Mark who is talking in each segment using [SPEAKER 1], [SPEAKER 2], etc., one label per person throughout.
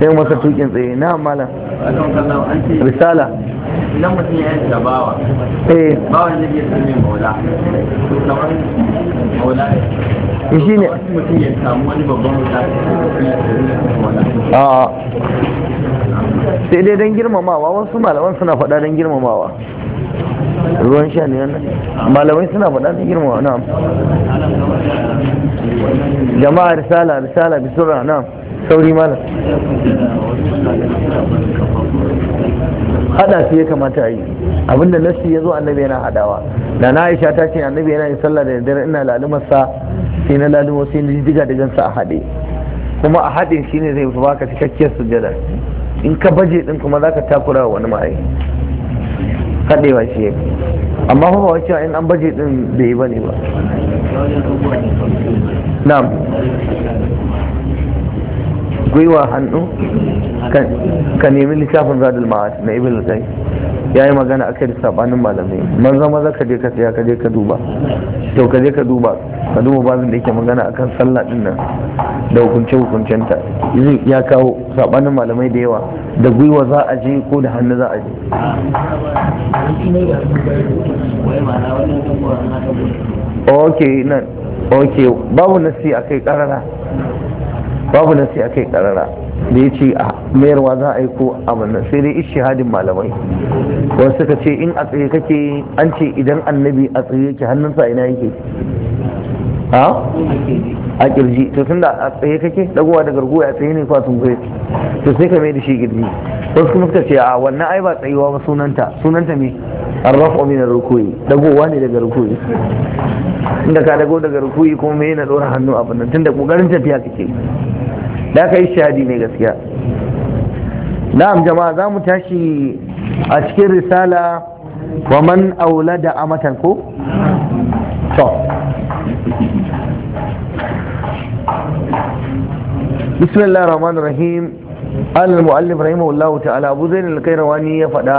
[SPEAKER 1] sai masa tukin tsaye na malam risala idan mutum ya yi bawa eh bawa ne ke sami maula kamar maula ne eh, shi ne
[SPEAKER 2] mutum ya samu wani babban mutum a
[SPEAKER 1] sai dai don girmamawa wasu malaman suna faɗa don girmamawa ruwan sha ne wannan malamai suna faɗa su girma wa jama'a risala risala bisura na'am sauri malam hada su ya kamata a yi abinda nasi ya zo annabi yana hadawa da na aisha ta ce annabi yana yin sallah da daddare ina lalumar sa, sai na lalumar sai na diga gansa a haɗe kuma a haɗin shine zai baka cikakkiyar sujjada in ka baje din kuma zaka takura wa wani ma'ai kadewa shi amma kuma wacce in an baje din bai yi bane ba na gwiwa hannu ka nemi littafin zadul ma'ad na ibn al ya yi magana aka da sabanin malamai man zama za ka je ka saya ka je ka duba to ka je ka duba ka duba bazin da yake magana akan sallah din nan da hukunce hukuncenta ya kawo sabanin malamai da yawa da gwiwa za a je ko da hannu za a je ok nan ok babu nasi akai karara babu nasi akai karara da ya ce a mayarwa za a yi ko abin nan sai dai ishihadin malamai wani suka ce in a tsaye kake an ce idan annabi a tsaye yake hannunsa ina yake a a kirji to tunda a tsaye kake dagowa da garguwa a tsaye ne kwa sun gure to sai ka mai da shi kirji wasu kuma suka ce a wannan ai ba tsayuwa ba sunanta sunanta me arrafu na rukuyi dagowa ne daga rukuyi inda ka dago daga rukuyi kuma me na dora hannu abin nan tunda kokarin tafiya kake da aka yi shahadi ne gaskiya na'am jama'a za mu tashi a cikin risala wa man aula da amatan ko? to bismillah rahman rahim al mu'allif rahimahullahu ta'ala abu al kairawani ya faɗa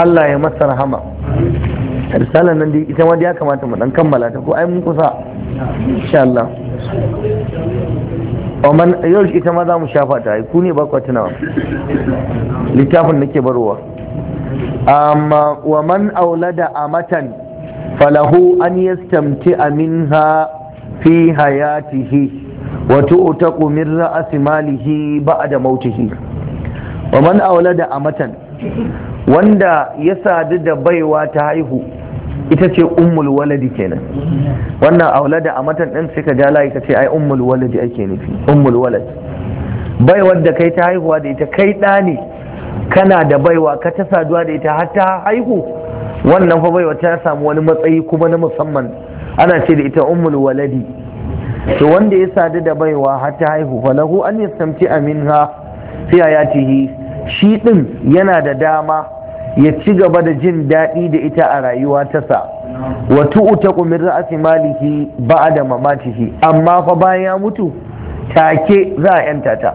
[SPEAKER 1] Allah ya masa rahama risalar nan ita ma ya kamata mu dan kammala ta ko ai mun kusa insha Allah man yau ita ma za mu shafa ta ku ne ba tunawa littafin nake barwa amma wa man aulada amatan falahu an yastamti minha fi hayatihi wa tu'taqu min ra'si malihi ba'da mautihi wa man aulada amatan wanda ya sadu da baiwa ta haihu ita ce ummul waladi kenan wannan aulada a matan din sai ka ja layi ka ce ai ummul waladi ake nufi ummul walad bai wadda kai ta haihuwa da ita kai ɗa ne kana da baiwa ka ta saduwa da ita har ta haihu wannan fa baiwa ta samu wani matsayi kuma na musamman ana ce da ita ummul waladi to wanda ya sadu da baiwa har ta haihu falahu an yastamti aminha fi hayatihi shi din yana da dama ya ci gaba da jin daɗi da ita a rayuwa ta sa wa ta min ra'si maliki ba ba'da mamatihi amma fa bayan ya mutu take za a yanta ta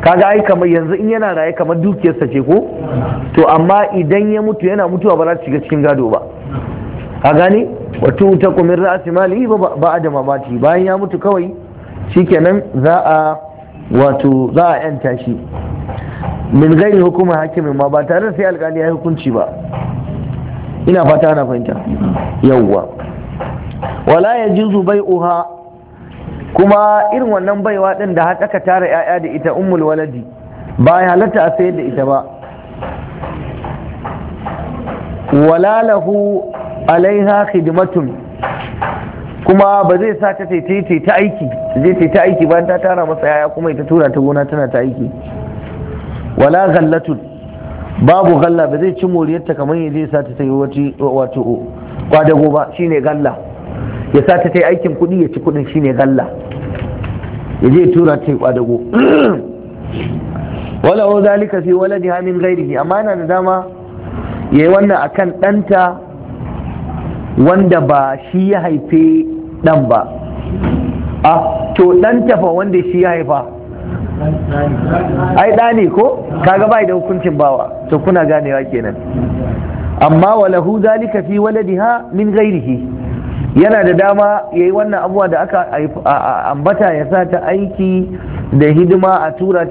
[SPEAKER 1] kaga ai kamar yanzu in yana raye kamar dukiyarsa ce ko to amma idan ya mutu yana mutuwa ba za ta shiga cikin gado ba a gane wato ta kumin ra'asi maliki ba a da mamaci bayan ya mutu kawai shikenan za a wato za a yanta shi min gani hukumar hakimin ma ba tare da sai alkali ya hukunci ba ina fata ana fahimta yawwa wala ya bai uha kuma irin wannan baiwa din da aka tara yaya da ita ummul waladi ba ya halatta a sayar da ita ba wala lahu alaiha khidmatun kuma ba zai sa ta ta aiki zai ta aiki bayan ta tara masa yaya kuma ita tura ta gona tana ta aiki wala gallatun babu galla ba zai ci moriyarta kamar ya zai sata ta yi wato kwadago ba shine galla ya sata ta yi aikin kuɗi ya ci kuɗin shine galla ya je tura ta yi kwadago wala o zalika fi waladi hamin gairihi amma yana da dama ya yi wannan akan ɗanta wanda ba shi ya haife ɗan ba a ah, to ɗan fa wanda shi ya haifa ai ɗani ko kaga bai da hukuncin bawa to kuna ganewa kenan amma walahu zalika fi waladiha min ghairihi yana da dama yayi wannan abuwa da aka ambata ya sa ta aiki da hidima a tura